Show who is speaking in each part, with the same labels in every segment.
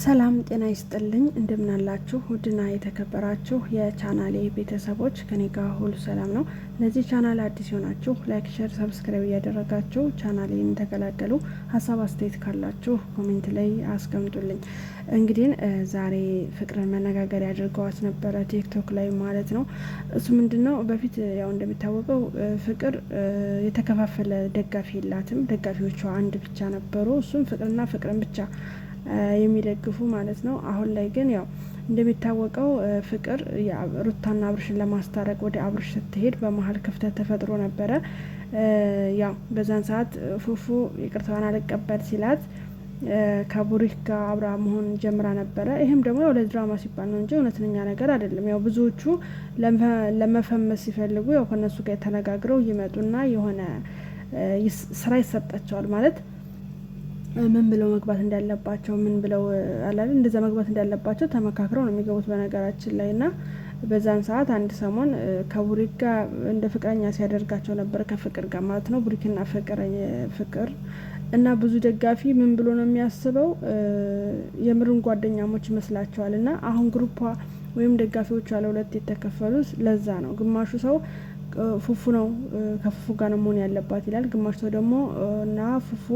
Speaker 1: ሰላም ጤና ይስጥልኝ። እንደምናላችሁ ውድና የተከበራችሁ የቻናሌ ቤተሰቦች ከኔ ጋር ሁሉ ሰላም ነው። ለዚህ ቻናል አዲስ የሆናችሁ ላይክ፣ ሸር፣ ሰብስክራይብ እያደረጋችሁ ቻናሌን ተቀላቀሉ። ሀሳብ አስተያየት ካላችሁ ኮሜንት ላይ አስቀምጡልኝ። እንግዲህ ዛሬ ፍቅርን መነጋገር ያድርገዋት ነበረ ቲክቶክ ላይ ማለት ነው። እሱ ምንድን ነው በፊት ያው እንደሚታወቀው ፍቅር የተከፋፈለ ደጋፊ የላትም። ደጋፊዎቿ አንድ ብቻ ነበሩ። እሱም ፍቅርና ፍቅርን ብቻ የሚደግፉ ማለት ነው። አሁን ላይ ግን ያው እንደሚታወቀው ፍቅር ሩታና አብርሽን ለማስታረቅ ወደ አብርሽ ስትሄድ በመሀል ክፍተት ተፈጥሮ ነበረ። ያው በዛን ሰዓት ፉፉ ይቅርታዋን አልቀበል ሲላት ከቡሪክ ጋር አብራ መሆን ጀምራ ነበረ። ይህም ደግሞ ያው ለድራማ ሲባል ነው እንጂ እውነተኛ ነገር አይደለም። ያው ብዙዎቹ ለመፈመስ ሲፈልጉ ያው ከነሱ ጋር ተነጋግረው ይመጡና የሆነ ስራ ይሰጣቸዋል ማለት ምን ብለው መግባት እንዳለባቸው ምን ብለው አላለ እንደዛ መግባት እንዳለባቸው ተመካክረው ነው የሚገቡት በነገራችን ላይ እና በዛን ሰዓት አንድ ሰሞን ከቡሪክ ጋር እንደ ፍቅረኛ ሲያደርጋቸው ነበር፣ ከፍቅር ጋር ማለት ነው። ቡሪክና ፍቅር እና ብዙ ደጋፊ ምን ብሎ ነው የሚያስበው? የምርን ጓደኛሞች ይመስላቸዋል። እና አሁን ግሩፓ ወይም ደጋፊዎቿ ለሁለት የተከፈሉት ለዛ ነው። ግማሹ ሰው ፉፉ ነው ከፉፉ ጋር ነው መሆን ያለባት ይላል። ግማሽ ሰው ደግሞ እና ፉፉ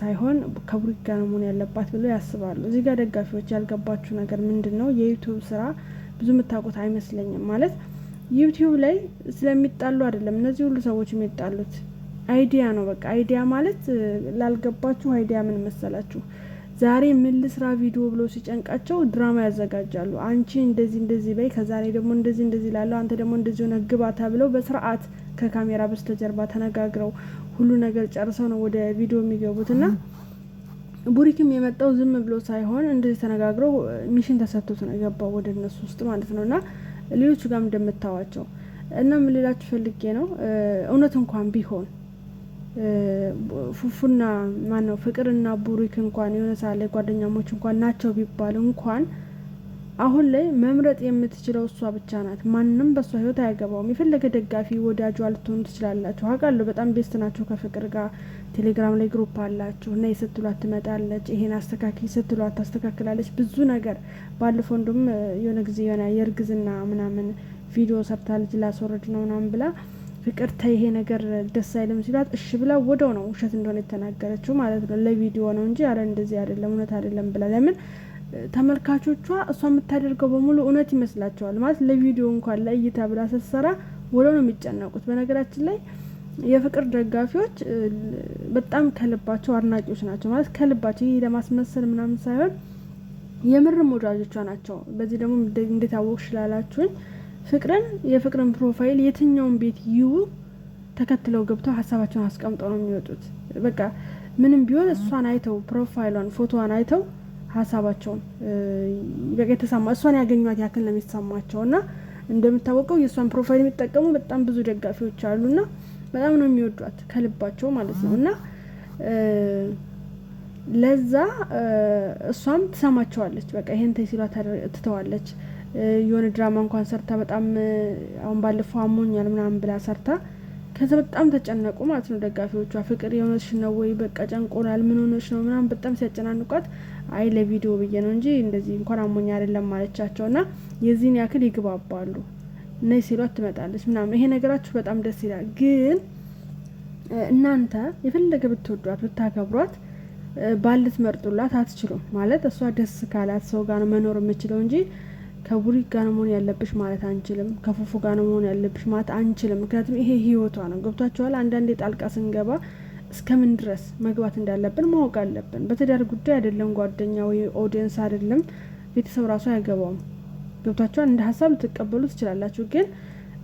Speaker 1: ሳይሆን ከቡሪክ ጋር ነው መሆን ያለባት ብለው ያስባሉ። እዚህ ጋር ደጋፊዎች ያልገባችሁ ነገር ምንድን ነው? የዩቱብ ስራ ብዙ የምታውቁት አይመስለኝም። ማለት ዩቲዩብ ላይ ስለሚጣሉ አይደለም እነዚህ ሁሉ ሰዎች የሚጣሉት አይዲያ ነው። በቃ አይዲያ ማለት ላልገባችሁ አይዲያ ምን መሰላችሁ ዛሬ ምን ልስራ ቪዲዮ ብሎ ሲጨንቃቸው ድራማ ያዘጋጃሉ። አንቺ እንደዚህ እንደዚህ በይ፣ ከዛሬ ደግሞ እንደዚህ እንደዚህ ላለው አንተ ደግሞ እንደዚህ ሆነ ግባ ተብለው በስርዓት ከካሜራ በስተጀርባ ተነጋግረው ሁሉ ነገር ጨርሰው ነው ወደ ቪዲዮ የሚገቡት እና ቡሪክም የመጣው ዝም ብሎ ሳይሆን እንደዚህ ተነጋግረው ሚሽን ተሰጥቶት ነው የገባው ወደ እነሱ ውስጥ ማለት ነው እና ሌሎቹ ጋርም እንደምታዋቸው እና ምን ልላችሁ ፈልጌ ነው እውነት እንኳን ቢሆን ፉፉና ማን ነው ፍቅርና ቡሪክ እንኳን የሆነ ሰዓት ላይ ጓደኛሞች እንኳን ናቸው ቢባል እንኳን አሁን ላይ መምረጥ የምትችለው እሷ ብቻ ናት። ማንም በእሷ ህይወት አያገባውም። የፈለገ ደጋፊ ወዳጁ አልትሆኑ ትችላላችሁ። አውቃለሁ በጣም ቤስት ናቸው ከፍቅር ጋር ቴሌግራም ላይ ግሩፕ አላችሁ እና የስትሏት ትመጣለች፣ ይሄን አስተካክል ስትሏት ታስተካክላለች። ብዙ ነገር ባለፈው እንዲሁም የሆነ ጊዜ የሆነ የእርግዝና ምናምን ቪዲዮ ሰርታለች ላስወረድ ነው ምናምን ብላ ፍቅርተ ይሄ ነገር ደስ አይልም ሲላት እሺ ብላ ወደው ነው ውሸት እንደሆነ የተናገረችው ማለት ነው። ለቪዲዮ ነው እንጂ አረ እንደዚህ አይደለም እውነት አይደለም ብላ ለምን ተመልካቾቿ እሷ የምታደርገው በሙሉ እውነት ይመስላቸዋል ማለት ለቪዲዮ እንኳን ለእይታ ብላ ስትሰራ ወደው ነው የሚጨነቁት። በነገራችን ላይ የፍቅር ደጋፊዎች በጣም ከልባቸው አድናቂዎች ናቸው ማለት ከልባቸው ይህ ለማስመሰል ምናምን ሳይሆን የምርም ወዳጆቿ ናቸው። በዚህ ደግሞ እንዴት አወቅሽ ላላችሁኝ ፍቅርን የፍቅርን ፕሮፋይል የትኛውን ቤት ይዩ ተከትለው ገብተው ሀሳባቸውን አስቀምጠው ነው የሚወጡት። በቃ ምንም ቢሆን እሷን አይተው ፕሮፋይሏን፣ ፎቶዋን አይተው ሀሳባቸውን በቃ የተሰማ እሷን ያገኟት ያክል ነው የሚሰማቸው እና እንደምታወቀው የእሷን ፕሮፋይል የሚጠቀሙ በጣም ብዙ ደጋፊዎች አሉና በጣም ነው የሚወዷት ከልባቸው ማለት ነው እና ለዛ እሷም ትሰማቸዋለች። በቃ ይሄን ተይ ትተዋለች። የሆነ ድራማ እንኳን ሰርታ በጣም አሁን ባለፈው አሞኛል ምናምን ብላ ሰርታ ከዛ በጣም ተጨነቁ ማለት ነው ደጋፊዎቿ። ፍቅር የሆነች ነው ወይ በቃ ጨንቆናል፣ ምን ሆነች ነው ምናምን በጣም ሲያጨናንቋት፣ አይ ለቪዲዮ ብዬ ነው እንጂ እንደዚህ እንኳን አሞኛ አይደለም ማለቻቸው እና የዚህን ያክል ይግባባሉ። እነዚህ ሲሏት ትመጣለች ምናምን። ይሄ ነገራችሁ በጣም ደስ ይላል። ግን እናንተ የፈለገ ብትወዷት ብታከብሯት ባልት መርጡላት አትችሉም ማለት እሷ ደስ ካላት ሰው ጋር መኖር የምችለው እንጂ ከቡሪክ ጋር መሆን ያለብሽ ማለት አንችልም። ከፉፉ ጋር መሆን ያለብሽ ማለት አንችልም። ምክንያቱም ይሄ ህይወቷ ነው። ገብቷችኋል? አንዳንዴ ጣልቃ ስንገባ እስከምን ድረስ መግባት እንዳለብን ማወቅ አለብን። በትዳር ጉዳይ አይደለም ጓደኛ ወይ ኦዲየንስ አይደለም ቤተሰብ ራሱ አያገባውም። ገብቷችኋል? እንደ ሀሳብ ልትቀበሉ ትችላላችሁ፣ ግን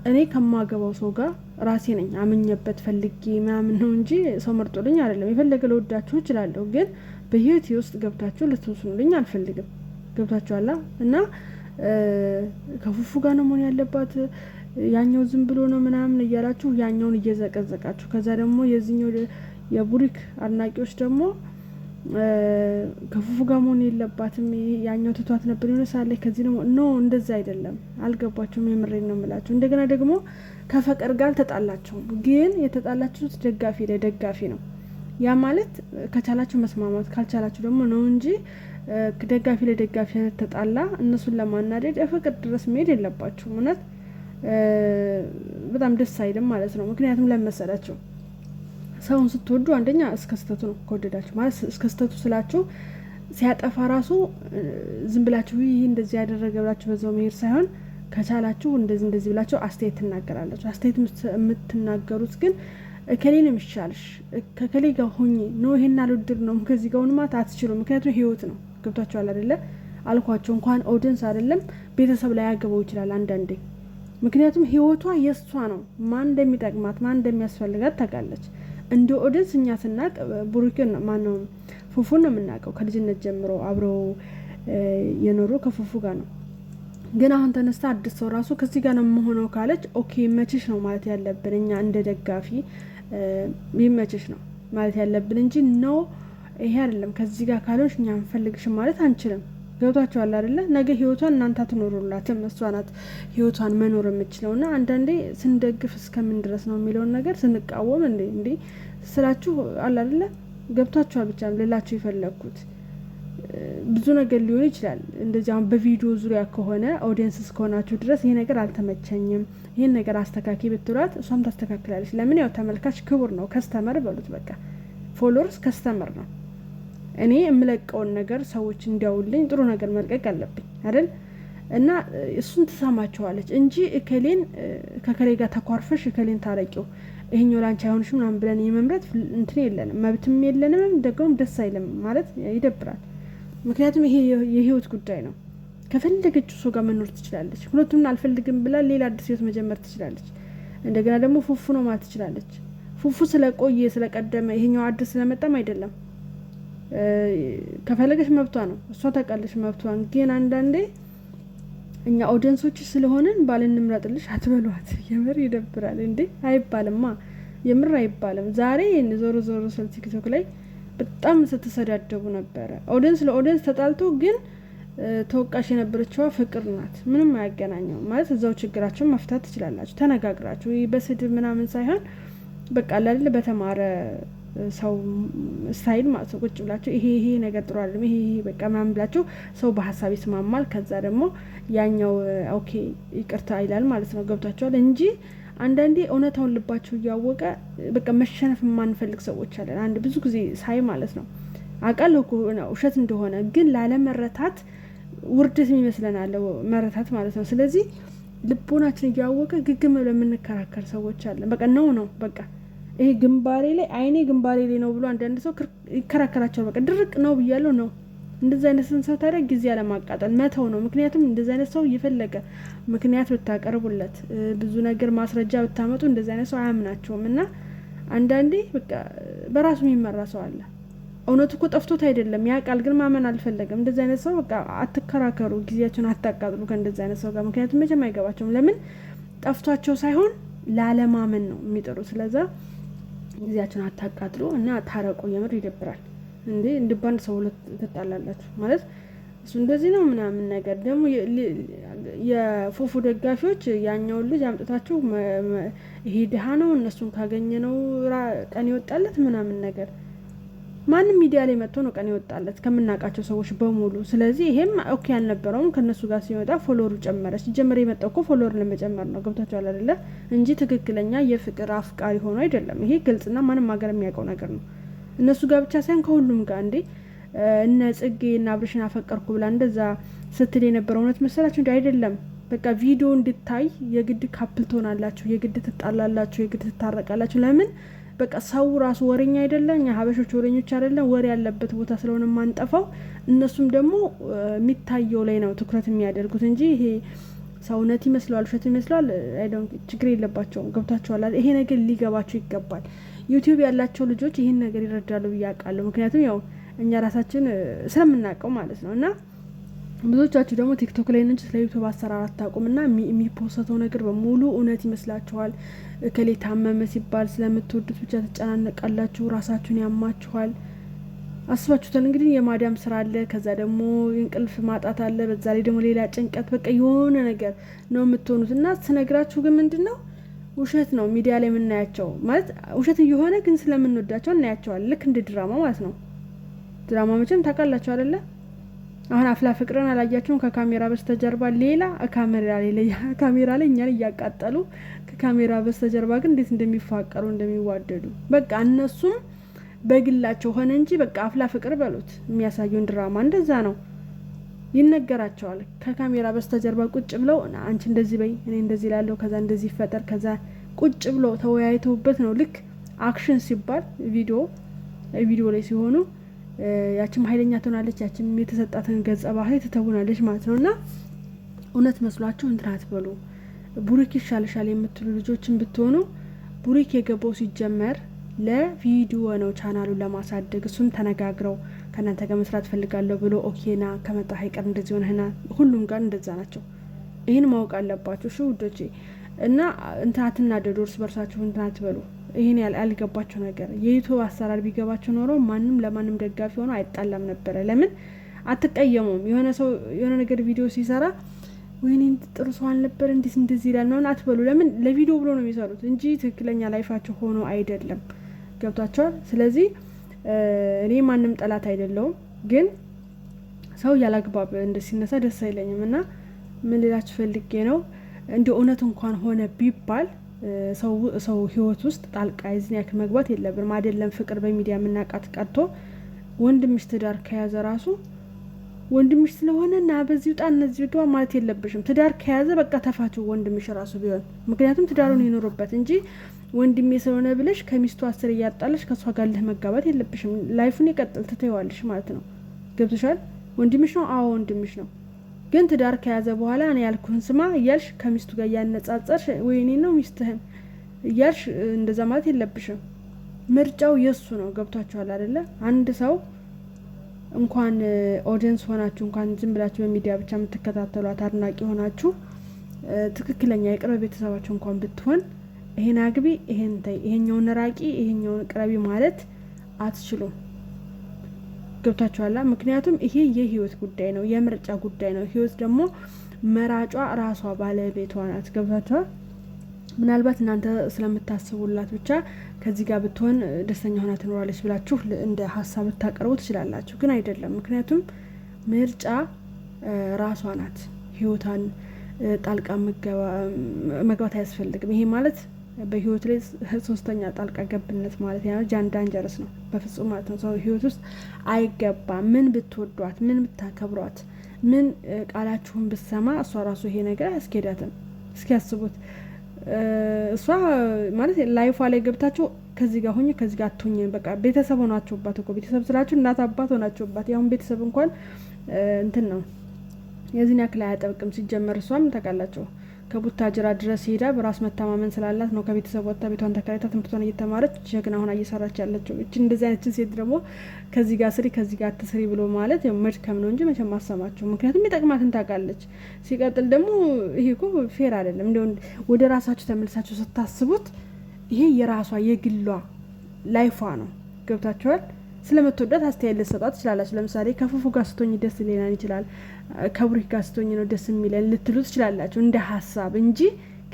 Speaker 1: እኔ ከማገባው ሰው ጋር ራሴ ነኝ አምኜበት ፈልጌ ምናምን ነው እንጂ ሰው መርጦልኝ አይደለም። የፈለገ ለወዳችሁ እችላለሁ፣ ግን በህይወት ውስጥ ገብታችሁ ልትወስኑልኝ አልፈልግም። ገብቷችኋላ እና ከፉፉ ጋር ነው መሆን ያለባት ያኛው ዝም ብሎ ነው ምናምን እያላችሁ ያኛውን እየዘቀዘቃችሁ ከዛ ደግሞ የዚህኛው የቡሪክ አድናቂዎች ደግሞ ከፉፉ ጋር መሆን የለባትም ያኛው ትቷት ነበር የሆነ ሰዓት ላይ ከዚህ ደግሞ ኖ እንደዛ አይደለም አልገባችሁም የምሬን ነው የምላችሁ እንደገና ደግሞ ከፈቀር ጋር አልተጣላችሁም ግን የተጣላችሁት ደጋፊ ለደጋፊ ነው ያ ማለት ከቻላችሁ መስማማት ካልቻላችሁ ደግሞ ነው እንጂ ደጋፊ ለደጋፊ ተጣላ እነሱን ለማናደድ የፍቅር ድረስ መሄድ የለባቸው። እውነት በጣም ደስ አይልም ማለት ነው። ምክንያቱም ለመሰላቸው ሰውን ስትወዱ አንደኛ እስከ ስህተቱ ነው ከወደዳችሁ ማለት እስከ ስህተቱ ስላችሁ ሲያጠፋ ራሱ ዝም ብላችሁ ይህ እንደዚህ ያደረገ ብላችሁ በዛው መሄድ ሳይሆን ከቻላችሁ እንደዚህ እንደዚህ ብላችሁ አስተያየት ትናገራላችሁ። አስተያየት የምትናገሩት ግን እከሌ ነው የሚሻልሽ፣ ከከሌ ጋር ሆኜ ነው ይሄን አልወድር ነው ከዚህ ጋር ሆንማት አትችሉም። ምክንያቱም ህይወት ነው። ገብቷቸዋል አደለ አልኳቸው እንኳን ኦዲንስ አይደለም ቤተሰብ ላይ ያገበው ይችላል አንዳንዴ። ምክንያቱም ህይወቷ የእሷ ነው። ማን እንደሚጠቅማት ማን እንደሚያስፈልጋት ታውቃለች። እንደ ኦዲንስ እኛ ስናቅ ቡሩኬን ማነው ፉፉን ነው የምናውቀው። ከልጅነት ጀምሮ አብረው የኖሩ ከፉፉ ጋር ነው። ግን አሁን ተነስታ አዲስ ሰው ራሱ ከዚህ ጋር ነው የምሆነው ካለች፣ ኦኬ መችሽ ነው ማለት ያለብን እኛ እንደ ደጋፊ ይመችሽ ነው ማለት ያለብን እንጂ ነው ይሄ አይደለም። ከዚህ ጋር ካልሆንሽ እኛ አንፈልግሽ ማለት አንችልም። ገብቷቸዋል አይደለ? ነገ ህይወቷን እናንተ አትኖሩላትም። እሷ ናት ህይወቷን መኖር የምችለው እና አንዳንዴ ስንደግፍ እስከምን ድረስ ነው የሚለውን ነገር ስንቃወም እንዴ እንዴ ስላችሁ አለ አይደለ? ገብቷቸዋል ብቻ ልላችሁ የፈለግኩት ብዙ ነገር ሊሆን ይችላል። እንደዚህ አሁን በቪዲዮ ዙሪያ ከሆነ ኦዲየንስ እስከሆናችሁ ድረስ ይሄ ነገር አልተመቸኝም፣ ይህን ነገር አስተካኪ ብትሏት እሷም ታስተካክላለች። ለምን ያው ተመልካች ክቡር ነው። ከስተመር በሉት በቃ ፎሎወርስ ከስተመር ነው። እኔ የምለቀውን ነገር ሰዎች እንዲያውልኝ ጥሩ ነገር መልቀቅ አለብኝ አይደል? እና እሱን ትሰማቸዋለች እንጂ እከሌን ከከሌ ጋር ተኳርፈሽ እከሌን ታረቂው ይሄኛው ላንቺ አይሆንሽ ምናምን ብለን የመምረት እንትን የለንም፣ መብትም የለንም። ደግሞም ደስ አይልም ማለት ይደብራል። ምክንያቱም ይሄ የህይወት ጉዳይ ነው። ከፈለገች እሱ ጋር መኖር ትችላለች። ሁለቱም አልፈልግም ብላ ሌላ አዲስ ህይወት መጀመር ትችላለች። እንደገና ደግሞ ፉፉ ነው ማለት ትችላለች። ፉፉ ስለቆየ ስለቀደመ ይሄኛው አዲስ ስለመጣም አይደለም። ከፈለገች መብቷ ነው፣ እሷ ታውቃለች መብቷን። ግን አንዳንዴ እኛ ኦዲየንሶች ስለሆንን ባል እንምረጥልሽ አትበሏት። የምር ይደብራል እንዴ! አይባልማ፣ የምር አይባልም። ዛሬ ይህን ዞሮ ዞሮ ስልት ቲክቶክ ላይ በጣም ስትሰዳደቡ ነበረ። ኦዲየንስ ለኦዲየንስ ተጣልቶ ግን ተወቃሽ የነበረችዋ ፍቅር ናት። ምንም አያገናኘው ማለት እዛው ችግራቸውን መፍታት ትችላላችሁ ተነጋግራችሁ፣ በስድብ ምናምን ሳይሆን በቃ ላል በተማረ ሰው ስታይል ማለት ነው። ቁጭ ብላችሁ ይሄ ይሄ ነገር ጥሩ አይደለም፣ ይሄ ይሄ በቃ ምናምን ብላችሁ ሰው በሀሳብ ይስማማል። ከዛ ደግሞ ያኛው ኦኬ ይቅርታ ይላል ማለት ነው። ገብቷችኋል እንጂ አንዳንዴ እውነታውን ልባችሁ እያወቀ በቃ መሸነፍ የማንፈልግ ሰዎች አለን። አንድ ብዙ ጊዜ ሳይ ማለት ነው አውቃለሁ ውሸት እንደሆነ ግን ላለመረታት ውርደት ይመስለናል፣ መረታት ማለት ነው። ስለዚህ ልቦናችን እያወቀ ግግም ብለን የምንከራከር ሰዎች አለን። በቃ ነው ነው በቃ ይሄ ግንባሬ ላይ አይኔ ግንባሬ ላይ ነው ብሎ አንዳንድ ሰው ይከራከራቸዋል። በቃ ድርቅ ነው ብያለሁ ነው እንደዚህ አይነትን ሰው ታዲያ ጊዜ አለማቃጠል መተው ነው። ምክንያቱም እንደዚህ አይነት ሰው እየፈለገ ምክንያት ብታቀርቡለት ብዙ ነገር ማስረጃ ብታመጡ እንደዚህ አይነት ሰው አያምናቸውም። እና አንዳንዴ በቃ በራሱ የሚመራ ሰው አለ። እውነቱ እኮ ጠፍቶት አይደለም፣ ያ ቃል ግን ማመን አልፈለገም። እንደዚህ አይነት ሰው በቃ አትከራከሩ፣ ጊዜያቸውን አታቃጥሉ ከእንደዚህ አይነት ሰው ጋር። ምክንያቱም መቼም አይገባቸውም። ለምን ጠፍቷቸው ሳይሆን ላለማመን ነው የሚጥሩ ስለዛ ጊዜያችን አታቃጥሉ እና ታረቁ። የምር ይደብራል እንዴ! ባንድ ሰው ሁለት ትጣላላችሁ ማለት እሱ እንደዚህ ነው ምናምን ነገር። ደግሞ የፎፉ ደጋፊዎች ያኛውን ልጅ አምጥታችሁ ይሄ ድሃ ነው እነሱን ካገኘ ነው ቀን ይወጣለት ምናምን ነገር ማንም ሚዲያ ላይ መጥቶ ነው ቀን ይወጣለት ከምናውቃቸው ሰዎች በሙሉ። ስለዚህ ይሄም ኦኬ ያልነበረውም ከእነሱ ጋር ሲወጣ ፎሎወሩ ጨመረ። ሲጀመር የመጣው እኮ ፎሎወር ለመጨመር ነው። ገብታችኋል አይደለ? እንጂ ትክክለኛ የፍቅር አፍቃሪ ሆኖ አይደለም። ይሄ ግልጽና ማንም ሀገር የሚያውቀው ነገር ነው። እነሱ ጋር ብቻ ሳይሆን ከሁሉም ጋር እንዴ እነ ጽጌ እና አብርሽን አፈቀርኩ ብላ እንደዛ ስትል የነበረው እውነት መሰላችሁ? እንዲ አይደለም። በቃ ቪዲዮ እንድታይ የግድ ካፕል ትሆናላችሁ፣ የግድ ትጣላላችሁ፣ የግድ ትታረቃላችሁ። ለምን በቃ ሰው ራሱ ወሬኛ አይደለም፣ እኛ ሀበሾች ወሬኞች አይደለም። ወሬ ያለበት ቦታ ስለሆነ የማንጠፋው እነሱም ደግሞ የሚታየው ላይ ነው ትኩረት የሚያደርጉት እንጂ ይሄ ሰውነት ይመስለዋል፣ ውሸት ይመስለዋል። ችግር የለባቸውም። ገብታችኋል? ይሄ ነገር ሊገባቸው ይገባል። ዩቲዩብ ያላቸው ልጆች ይህን ነገር ይረዳሉ ብዬ አውቃለሁ። ምክንያቱም ያው እኛ ራሳችን ስለምናውቀው ማለት ነው እና ብዙዎቻችሁ ደግሞ ቲክቶክ ላይ ነች ስለ ዩቱብ አሰራር አታውቁም ና የሚፖሰተው ነገር በሙሉ እውነት ይመስላችኋል። እከሌ ታመመ ሲባል ስለምትወዱት ብቻ ትጨናነቃላችሁ፣ ራሳችሁን ያማችኋል። አስባችሁታል እንግዲህ የማዳም ስራ አለ፣ ከዛ ደግሞ እንቅልፍ ማጣት አለ፣ በዛ ላይ ደግሞ ሌላ ጭንቀት፣ በቃ የሆነ ነገር ነው የምትሆኑት እና ስነግራችሁ ግን ምንድን ነው ውሸት ነው። ሚዲያ ላይ የምናያቸው ማለት ውሸት እየሆነ ግን ስለምንወዳቸው እናያቸዋል። ልክ እንደ ድራማ ማለት ነው። ድራማ መቼም ታውቃላችሁ አይደለ? አሁን አፍላ ፍቅርን አላያችሁም? ከካሜራ በስተጀርባ ሌላ ካሜራ ላይ ካሜራ ላይ እኛን እያቃጠሉ ከካሜራ በስተጀርባ ግን እንዴት እንደሚፋቀሩ እንደሚዋደዱ በቃ እነሱም በግላቸው ሆነ እንጂ በቃ አፍላ ፍቅር በሉት የሚያሳዩን ድራማ እንደዛ ነው። ይነገራቸዋል። ከካሜራ በስተጀርባ ቁጭ ብለው አንቺ እንደዚህ በይ፣ እኔ እንደዚህ ላለው፣ ከዛ እንደዚህ ይፈጠር፣ ከዛ ቁጭ ብሎ ተወያይተውበት ነው ልክ አክሽን ሲባል ቪዲዮ ቪዲዮ ላይ ሲሆኑ ያችም ኃይለኛ ትሆናለች፣ ያችም የተሰጣትን ገጸ ባህሪ ትተውናለች ማለት ነው እና እውነት መስሏችሁ እንትን አትበሉ። ቡሪክ ይሻልሻል የምትሉ ልጆችን ብትሆኑ ቡሪክ የገባው ሲጀመር ለቪዲዮ ነው፣ ቻናሉን ለማሳደግ እሱም ተነጋግረው ከእናንተ ጋር መስራት ፈልጋለሁ ብሎ ኦኬና ከመጣ ሀይቀር እንደዚህ ሆነህና ሁሉም ጋር እንደዛ ናቸው። ይህን ማወቅ አለባቸው። እሺ ውዶቼ እና እንትን አትናደዱ፣ እርስ በርሳችሁ እንትን አትበሉ። ይህን ያልገባቸው ነገር የዩቱብ አሰራር ቢገባቸው ኖሮ ማንም ለማንም ደጋፊ ሆኖ አይጣላም ነበረ። ለምን አትቀየሙም? የሆነ ሰው የሆነ ነገር ቪዲዮ ሲሰራ ወይኔ ጥሩ ሰው አልነበር እንዴት እንደዚህ ይላል ነውን አትበሉ። ለምን ለቪዲዮ ብሎ ነው የሚሰሩት እንጂ ትክክለኛ ላይፋቸው ሆኖ አይደለም። ገብቷቸዋል። ስለዚህ እኔ ማንም ጠላት አይደለውም፣ ግን ሰው ያላግባብ እንደ ሲነሳ ደስ አይለኝም እና ምን ሌላችሁ ፈልጌ ነው እንዲ እውነት እንኳን ሆነ ቢባል ሰው ህይወት ውስጥ ጣልቃ የዝን ያክል መግባት የለብንም። አይደለም ፍቅር በሚዲያ የምናውቃት ቀርቶ ወንድምሽ ትዳር ከያዘ ራሱ ወንድምሽ ስለሆነ ና በዚህ ውጣ እነዚህ ግባ ማለት የለብሽም። ትዳር ከያዘ በቃ ተፋችው ወንድምሽ ራሱ ቢሆን ምክንያቱም ትዳሩን ይኖርበት እንጂ ወንድሜ ስለሆነ ብለሽ ከሚስቱ አስር እያጣለሽ ከእሷ ጋር ልህ መጋባት የለብሽም። ላይፉን ይቀጥል ትተዋለሽ ማለት ነው። ገብቶሻል? ወንድምሽ ነው። አዎ ወንድምሽ ነው። ግን ትዳር ከያዘ በኋላ እኔ ያልኩህን ስማ እያልሽ ከሚስቱ ጋር እያነጻጸርሽ ወይኔ ነው ሚስትህን እያልሽ እንደዛ ማለት የለብሽም። ምርጫው የእሱ ነው። ገብቷችኋል አደለ? አንድ ሰው እንኳን ኦዲየንስ ሆናችሁ እንኳን ዝም ብላችሁ በሚዲያ ብቻ የምትከታተሏት አድናቂ ሆናችሁ ትክክለኛ የቅርብ ቤተሰባችሁ እንኳን ብትሆን ይሄን አግቢ፣ ይሄን ተይ፣ ይሄኛውን ራቂ፣ ይሄኛውን ቅረቢ ማለት አትችሉም። ገብታችኋላ። ምክንያቱም ይሄ የህይወት ጉዳይ ነው፣ የምርጫ ጉዳይ ነው። ህይወት ደግሞ መራጯ ራሷ ባለቤቷ ናት። ገብታችኋል። ምናልባት እናንተ ስለምታስቡላት ብቻ ከዚህ ጋር ብትሆን ደስተኛ ሆና ትኖራለች ብላችሁ እንደ ሀሳብ ልታቀርቡ ትችላላችሁ፣ ግን አይደለም። ምክንያቱም ምርጫ ራሷ ናት። ህይወቷን ጣልቃ መግባት አያስፈልግም። ይሄ ማለት በህይወት ላይ ሶስተኛ ጣልቃ ገብነት ማለት ያ ጃን ዳንጀርስ ነው፣ በፍጹም ማለት ነው። ሰው ህይወት ውስጥ አይገባም። ምን ብትወዷት፣ ምን ብታከብሯት፣ ምን ቃላችሁን ብትሰማ እሷ ራሱ ይሄ ነገር አያስኬዳትም። እስኪያስቡት እሷ ማለት ላይፏ ላይ ገብታችሁ ከዚህ ጋር ሆኜ ከዚህ ጋር አትሆኝ፣ በቃ ቤተሰብ ሆናችሁባት እኮ ቤተሰብ ስላችሁ እናት አባት ሆናችሁባት። ያሁን ቤተሰብ እንኳን እንትን ነው የዚህን ያክል አያጠብቅም። ሲጀመር እሷም ታውቃላችሁ ከቡታጅራ ድረስ ሄዳ በራስ መተማመን ስላላት ነው ከቤተሰብ ወጥታ ቤቷን ተከራይታ ትምህርቷን እየተማረች ጀግና ሆና እየሰራች ያለችው። እች እንደዚህ አይነችን ሴት ደግሞ ከዚህ ጋር ስሪ ከዚህ ጋር ትስሪ ብሎ ማለት መድከም ነው እንጂ መቼም አሰማችሁ። ምክንያቱም የጠቅማትን ታውቃለች። ሲቀጥል ደግሞ ይሄ እኮ ፌር አይደለም። እንደ ወደ ራሳቸው ተመልሳቸው ስታስቡት ይሄ የራሷ የግሏ ላይፏ ነው። ገብታችኋል። ስለምትወዳት አስተያየት ልትሰጣ ትችላላችሁ። ለምሳሌ ከፉፉ ጋር ስቶኝ ደስ ሊለን ይችላል፣ ከቡሪክ ጋር ስቶኝ ነው ደስ የሚለን ልትሉ ትችላላችሁ፣ እንደ ሀሳብ እንጂ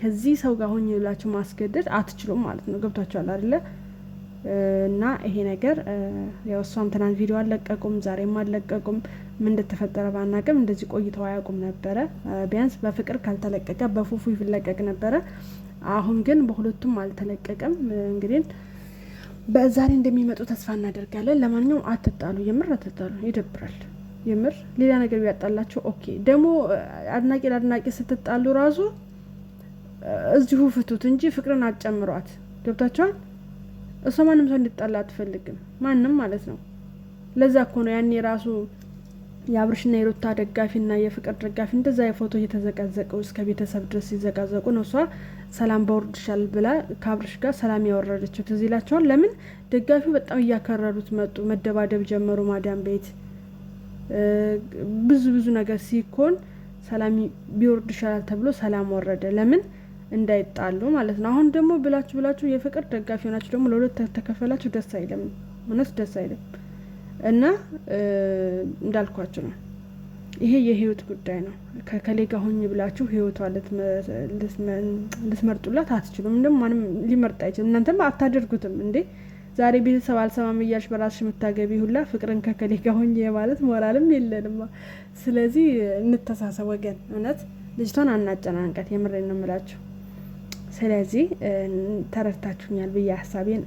Speaker 1: ከዚህ ሰው ጋር ሆኝ ብላችሁ ማስገደድ አትችሉም ማለት ነው። ገብቷችኋል አይደለ? እና ይሄ ነገር ያው እሷም ትናንት ቪዲዮ አለቀቁም ዛሬም አለቀቁም ምን እንደተፈጠረ ባናቅም እንደዚህ ቆይተው አያውቁም ነበረ። ቢያንስ በፍቅር ካልተለቀቀ በፉፉ ይለቀቅ ነበረ። አሁን ግን በሁለቱም አልተለቀቀም እንግዲህ በዛሬ እንደሚመጡ ተስፋ እናደርጋለን። ለማንኛውም አትጣሉ፣ የምር አትጣሉ፣ ይደብራል። የምር ሌላ ነገር ቢያጣላቸው ኦኬ። ደግሞ አድናቂ ለአድናቂ ስትጣሉ ራሱ እዚሁ ፍቱት እንጂ ፍቅርን አትጨምሯት። ገብታችኋል? እሷ ማንም ሰው እንዲጣላ አትፈልግም፣ ማንም ማለት ነው። ለዛ እኮ ነው ያኔ ራሱ የአብርሽና የሩታ ደጋፊና የፍቅር ደጋፊ እንደዛ የፎቶ እየተዘቀዘቀው እስከ ቤተሰብ ድረስ ሲዘቃዘቁ ነው እሷ ሰላም ባወርድሻል ብላ ከአብርሽ ጋር ሰላም ያወረደችው። ትዝ ይላቸዋል። ለምን ደጋፊው በጣም እያከረሩት መጡ። መደባደብ ጀመሩ። ማዳም ቤት ብዙ ብዙ ነገር ሲኮን ሰላም ቢወርድ ተብሎ ሰላም ወረደ። ለምን እንዳይጣሉ ማለት ነው። አሁን ደግሞ ብላችሁ ብላችሁ የፍቅር ደጋፊ ሆናችሁ ደግሞ ለሁለት ተከፈላችሁ። ደስ አይለም፣ እውነት ደስ አይለም። እና እንዳልኳችሁ ነው ይሄ የህይወት ጉዳይ ነው። ከከሌ ጋር ሆኜ ብላችሁ ህይወቷ ልትመርጡላት አትችሉም። እንደም ማንም ሊመርጥ አይችልም። እናንተም አታደርጉትም እንዴ ዛሬ ቤተሰብ አልሰማም እያልሽ በራስሽ የምታገቢ ሁላ ፍቅርን ከከሌ ጋር ሆኜ ማለት ሞራልም የለንማ። ስለዚህ እንተሳሰብ ወገን፣ እውነት ልጅቷን አናጨናንቀት። የምሬን ነው የምላችሁ። ስለዚህ ተረድታችሁኛል ብዬ ሀሳቤን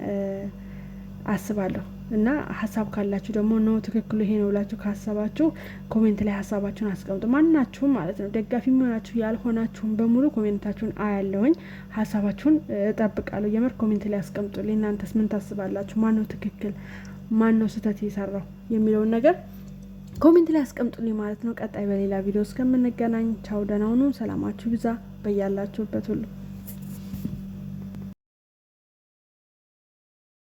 Speaker 1: አስባለሁ እና ሀሳብ ካላችሁ ደግሞ ነው ትክክሉ ይሄ ነው ብላችሁ ካሰባችሁ ኮሜንት ላይ ሀሳባችሁን አስቀምጡ። ማናችሁም ማለት ነው ደጋፊ የሚሆናችሁ ያልሆናችሁም በሙሉ ኮሜንታችሁን አያለሁኝ፣ ሀሳባችሁን እጠብቃለሁ። የምር ኮሜንት ላይ አስቀምጡ። እናንተስ ምን ታስባላችሁ? ማን ነው ትክክል፣ ማን ነው ስህተት የሰራው የሚለውን ነገር ኮሜንት ላይ አስቀምጡልኝ ማለት ነው። ቀጣይ በሌላ ቪዲዮ እስከምንገናኝ ቻው፣ ደህና ሁኑ። ሰላማችሁ ብዛ በያላችሁበት ሁሉ